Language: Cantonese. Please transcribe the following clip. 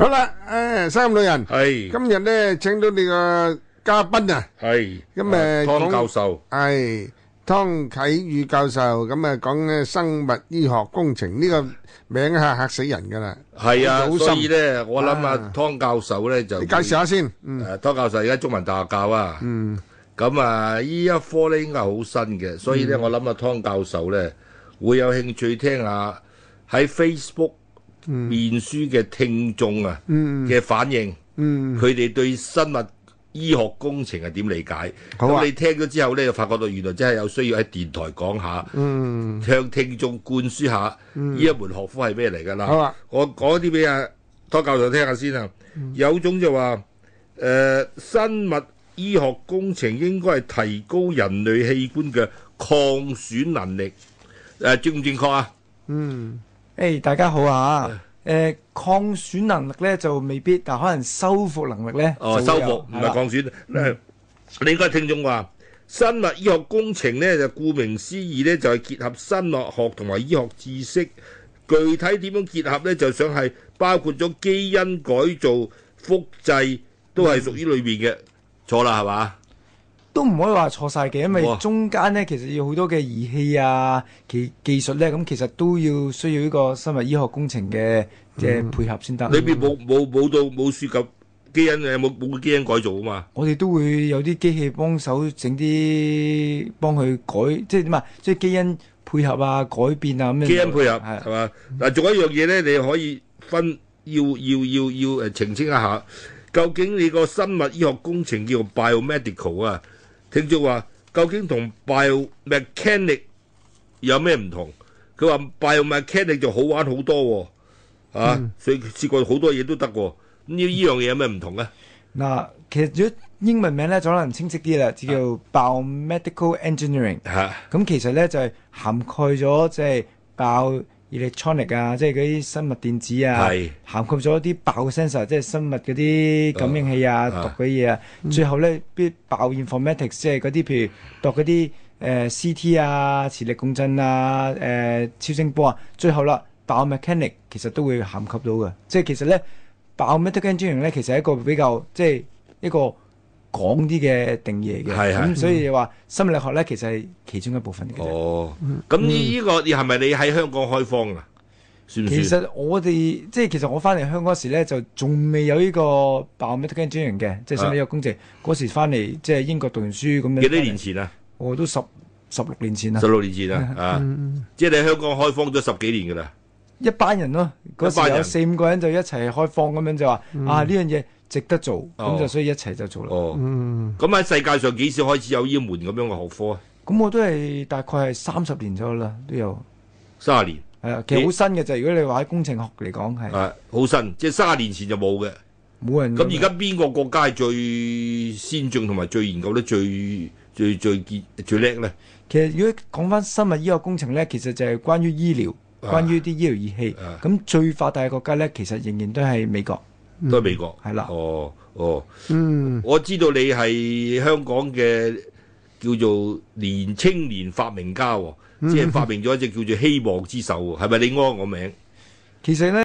好啦，誒，三老人，今日咧請到你個嘉賓啊，係，咁誒湯教授，係湯啟宇教授，咁誒講咧生物醫學工程呢個名吓吓死人噶啦，係啊，所以咧我諗啊湯教授咧就你介紹下先，誒湯教授而家中文大學教啊，嗯，咁啊呢一科咧應該係好新嘅，所以咧我諗啊湯教授咧會有興趣聽下喺 Facebook。面書嘅聽眾啊，嘅反應，佢哋對生物醫學工程係點理解？咁你聽咗之後咧，就發覺到原來真係有需要喺電台講下，向聽眾灌輸下呢一門學科係咩嚟噶啦。好啊！我講啲俾啊湯教授聽下先啊！有種就話，誒，生物醫學工程應該係提高人類器官嘅抗損能力，誒，正唔正確啊？嗯。誒，hey, 大家好啊！誒，呃，抗損能力咧就未必，但可能修復能力咧哦，修復唔係抗損。另一個聽眾話，生物醫學工程咧就顧名思義咧就係、是、結合生物學同埋醫學知識。具體點樣結合咧，就想係包括咗基因改造、複製都係屬於裏邊嘅。錯啦，嗯，係咪？都唔可以話錯晒嘅，因為中間咧其實要好多嘅儀器啊、技技術咧，咁其實都要需要呢個生物醫學工程嘅即係配合先得。裏邊冇冇冇到冇涉及基因嘅，冇冇基因改造啊嘛。我哋都會有啲機器幫手整啲，幫佢改即係點啊？即係基因配合啊、改變啊咁樣。基因配合係嘛？嗱，做一樣嘢咧，你可以分要要要要誒澄清一下，究竟你個生物醫學工程叫 biomedical 啊？聽住話，究竟同 biomechanic 有咩唔同？佢話 biomechanic 就好玩好多喎、哦，啊，嗯、所以試過好多嘢都得喎、哦。咁呢呢樣嘢有咩唔同咧？嗱、嗯，其實如果英文名咧就可能清晰啲啦，叫 biomedical engineering、啊。嚇，咁其實咧就係涵蓋咗即係 bio electronic 啊，即係嗰啲生物電子啊，涵括咗一啲爆嘅 sensor，即係生物嗰啲感應器啊、讀嗰嘢啊。啊嗯、最後咧，啲爆 informatics，即係嗰啲譬如讀嗰啲誒 CT 啊、磁力共振啊、誒、呃、超聲波啊。最後啦，爆 mechanic 其實都會涵及到嘅，啊、即係其實咧，爆 mechanical 專咧，其實係一個比較即係一個。講啲嘅定義嘅，咁所以又話心理學咧，其實係其中一部分嘅。哦，咁呢呢個係咪你喺香港開荒啊？其實我哋即係其實我翻嚟香港嗰時咧，就仲未有呢個 biomedical 專業嘅，即係心理學工程，嗰時翻嚟即係英國讀完書咁。幾多年前啊？我都十十六年前啦。十六年前啦，啊，即係你香港開荒咗十幾年噶啦。一班人咯，嗰時有四五個人就一齊開荒咁樣，就話啊呢樣嘢，值得做，咁就所以一齊就做啦。咁喺世界上幾時開始有呢門咁樣嘅學科啊？咁我都係大概係三十年左右啦，都有卅年。係啊，其實好新嘅就係，如果你話喺工程學嚟講，係啊，好新，即係卅年前就冇嘅，冇人。咁而家邊個國家係最先進同埋最研究得最最最健最叻咧？其實如果講返生物醫學工程咧，其實就係關於醫療，關於啲醫療儀器。咁最發達嘅國家咧，其實仍然都係美國。都係美國係啦。嗯、哦，哦，嗯，我知道你係香港嘅叫做年青年發明家喎、哦，即係、嗯、發明咗一隻叫做希望之手係、哦、咪你安我名？其實咧。